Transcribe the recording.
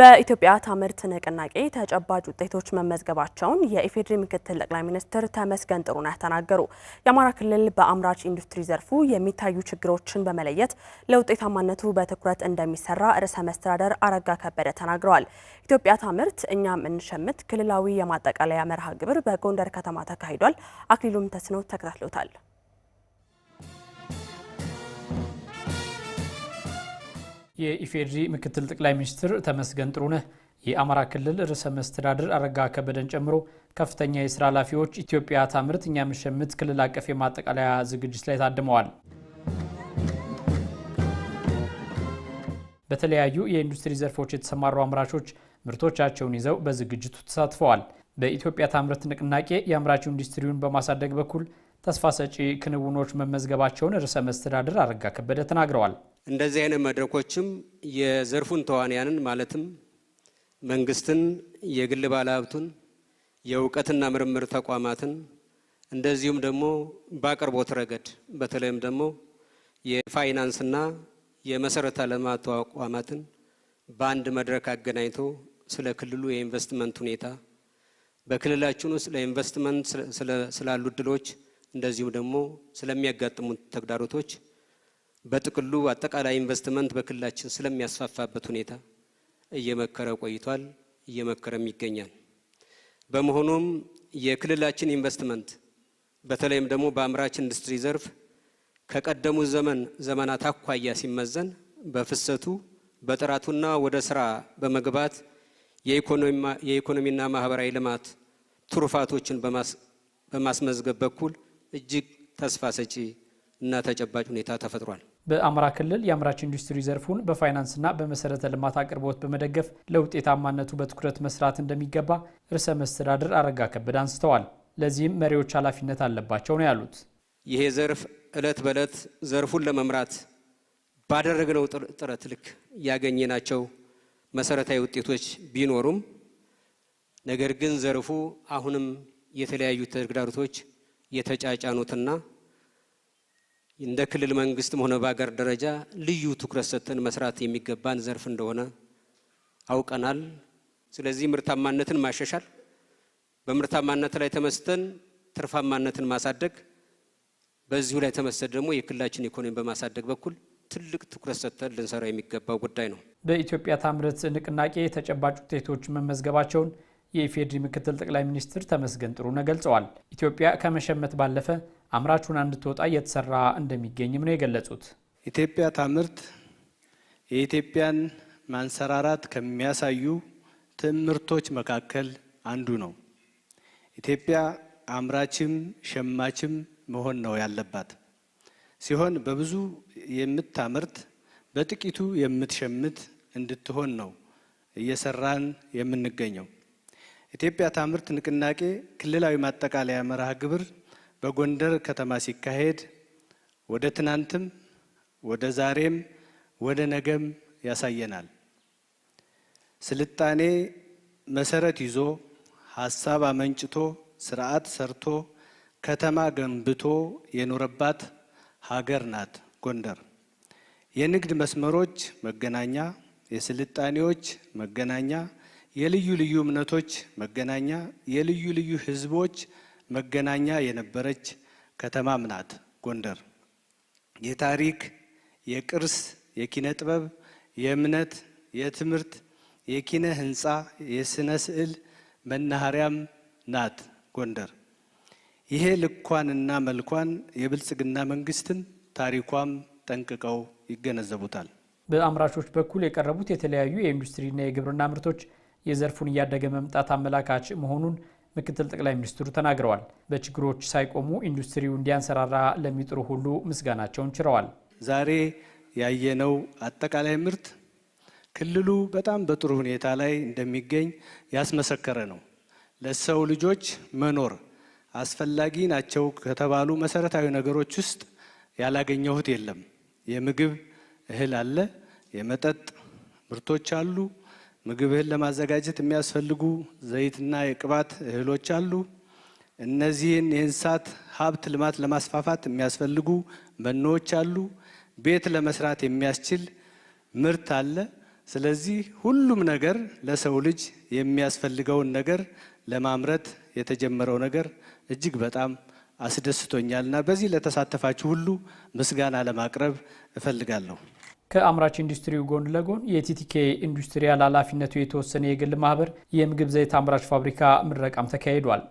በኢትዮጵያ ታምርት ንቅናቄ ተጨባጭ ውጤቶች መመዝገባቸውን የኢፌዴሪ ምክትል ጠቅላይ ሚኒስትር ተመስገን ጥሩነህ ተናገሩ። የአማራ ክልል በአምራች ኢንዱስትሪ ዘርፉ የሚታዩ ችግሮችን በመለየት ለውጤታማነቱ በትኩረት እንደሚሰራ ርዕሰ መስተዳደር አረጋ ከበደ ተናግረዋል። ኢትዮጵያ ታምርት እኛም እንሸምት ክልላዊ የማጠቃለያ መርሃ ግብር በጎንደር ከተማ ተካሂዷል። አክሊሉም ተስኖ ተከታትሎታል። የኢፌድሪ ምክትል ጠቅላይ ሚኒስትር ተመስገን ጥሩነህ የአማራ ክልል ርዕሰ መስተዳድር አረጋ ከበደን ጨምሮ ከፍተኛ የስራ ኃላፊዎች ኢትዮጵያ ታምርት እኛ ምሸምት ክልል አቀፍ የማጠቃለያ ዝግጅት ላይ ታድመዋል። በተለያዩ የኢንዱስትሪ ዘርፎች የተሰማሩ አምራቾች ምርቶቻቸውን ይዘው በዝግጅቱ ተሳትፈዋል። በኢትዮጵያ ታምርት ንቅናቄ የአምራች ኢንዱስትሪውን በማሳደግ በኩል ተስፋ ሰጪ ክንውኖች መመዝገባቸውን ርዕሰ መስተዳድር አረጋ ከበደ ተናግረዋል። እንደዚህ አይነት መድረኮችም የዘርፉን ተዋንያንን ማለትም መንግስትን፣ የግል ባለሀብቱን፣ የእውቀትና ምርምር ተቋማትን እንደዚሁም ደግሞ በአቅርቦት ረገድ በተለይም ደግሞ የፋይናንስና የመሰረተ ልማት ተቋማትን በአንድ መድረክ አገናኝቶ ስለ ክልሉ የኢንቨስትመንት ሁኔታ በክልላችን ውስጥ ለኢንቨስትመንት ስላሉ እድሎች እንደዚሁም ደግሞ ስለሚያጋጥሙት ተግዳሮቶች በጥቅሉ አጠቃላይ ኢንቨስትመንት በክልላችን ስለሚያስፋፋበት ሁኔታ እየመከረ ቆይቷል፣ እየመከረም ይገኛል። በመሆኑም የክልላችን ኢንቨስትመንት በተለይም ደግሞ በአምራች ኢንዱስትሪ ዘርፍ ከቀደሙት ዘመን ዘመናት አኳያ ሲመዘን በፍሰቱ በጥራቱና ወደ ስራ በመግባት የኢኮኖሚና ማህበራዊ ልማት ትሩፋቶችን በማስመዝገብ በኩል እጅግ ተስፋ ሰጪ እና ተጨባጭ ሁኔታ ተፈጥሯል። በአማራ ክልል የአምራች ኢንዱስትሪ ዘርፉን በፋይናንስና በመሰረተ ልማት አቅርቦት በመደገፍ ለውጤታማነቱ በትኩረት መስራት እንደሚገባ ርዕሰ መስተዳድር አረጋ ከበደ አንስተዋል። ለዚህም መሪዎች ኃላፊነት አለባቸው ነው ያሉት። ይሄ ዘርፍ እለት በዕለት ዘርፉን ለመምራት ባደረግነው ጥረት ልክ ያገኘናቸው መሰረታዊ ውጤቶች ቢኖሩም ነገር ግን ዘርፉ አሁንም የተለያዩ ተግዳሮቶች የተጫጫኑትና እንደ ክልል መንግስትም ሆነ በሀገር ደረጃ ልዩ ትኩረት ሰጥተን መስራት የሚገባን ዘርፍ እንደሆነ አውቀናል። ስለዚህ ምርታማነትን ማሻሻል፣ በምርታማነት ላይ ተመስተን ትርፋማነትን ማሳደግ፣ በዚሁ ላይ ተመስጠን ደግሞ የክልላችን ኢኮኖሚ በማሳደግ በኩል ትልቅ ትኩረት ሰጥተን ልንሰራ የሚገባው ጉዳይ ነው። በኢትዮጵያ ታምርት ንቅናቄ ተጨባጭ ውጤቶች መመዝገባቸውን የኢፌዴሪ ምክትል ጠቅላይ ሚኒስትር ተመስገን ጥሩነህ ገልጸዋል። ኢትዮጵያ ከመሸመት ባለፈ አምራቹን ሆና እንድትወጣ እየተሰራ እንደሚገኝም ነው የገለጹት። ኢትዮጵያ ታምርት የኢትዮጵያን ማንሰራራት ከሚያሳዩ ትምህርቶች መካከል አንዱ ነው። ኢትዮጵያ አምራችም ሸማችም መሆን ነው ያለባት ሲሆን በብዙ የምታምርት በጥቂቱ የምትሸምት እንድትሆን ነው እየሰራን የምንገኘው። ኢትዮጵያ ታምርት ንቅናቄ ክልላዊ ማጠቃለያ መርሃ ግብር በጎንደር ከተማ ሲካሄድ ወደ ትናንትም ወደ ዛሬም ወደ ነገም ያሳየናል። ስልጣኔ መሰረት ይዞ ሀሳብ አመንጭቶ ስርዓት ሰርቶ ከተማ ገንብቶ የኖረባት ሀገር ናት ጎንደር። የንግድ መስመሮች መገናኛ፣ የስልጣኔዎች መገናኛ፣ የልዩ ልዩ እምነቶች መገናኛ፣ የልዩ ልዩ ህዝቦች መገናኛ የነበረች ከተማም ናት ጎንደር። የታሪክ፣ የቅርስ፣ የኪነ ጥበብ፣ የእምነት፣ የትምህርት፣ የኪነ ህንፃ፣ የስነ ስዕል መናኸሪያም ናት ጎንደር። ይሄ ልኳንና መልኳን የብልጽግና መንግስትም ታሪኳም ጠንቅቀው ይገነዘቡታል። በአምራቾች በኩል የቀረቡት የተለያዩ የኢንዱስትሪና የግብርና ምርቶች የዘርፉን እያደገ መምጣት አመላካች መሆኑን ምክትል ጠቅላይ ሚኒስትሩ ተናግረዋል። በችግሮች ሳይቆሙ ኢንዱስትሪው እንዲያንሰራራ ለሚጥሩ ሁሉ ምስጋናቸውን ችረዋል። ዛሬ ያየነው አጠቃላይ ምርት ክልሉ በጣም በጥሩ ሁኔታ ላይ እንደሚገኝ ያስመሰከረ ነው። ለሰው ልጆች መኖር አስፈላጊ ናቸው ከተባሉ መሰረታዊ ነገሮች ውስጥ ያላገኘሁት የለም። የምግብ እህል አለ፣ የመጠጥ ምርቶች አሉ። ምግብህን ለማዘጋጀት የሚያስፈልጉ ዘይትና የቅባት እህሎች አሉ። እነዚህን የእንስሳት ሀብት ልማት ለማስፋፋት የሚያስፈልጉ መኖዎች አሉ። ቤት ለመስራት የሚያስችል ምርት አለ። ስለዚህ ሁሉም ነገር ለሰው ልጅ የሚያስፈልገውን ነገር ለማምረት የተጀመረው ነገር እጅግ በጣም አስደስቶኛልና በዚህ ለተሳተፋችሁ ሁሉ ምስጋና ለማቅረብ እፈልጋለሁ። ከአምራች ኢንዱስትሪው ጎን ለጎን የቲቲኬ ኢንዱስትሪያል ኃላፊነቱ የተወሰነ የግል ማህበር የምግብ ዘይት አምራች ፋብሪካ ምረቃም ተካሂዷል።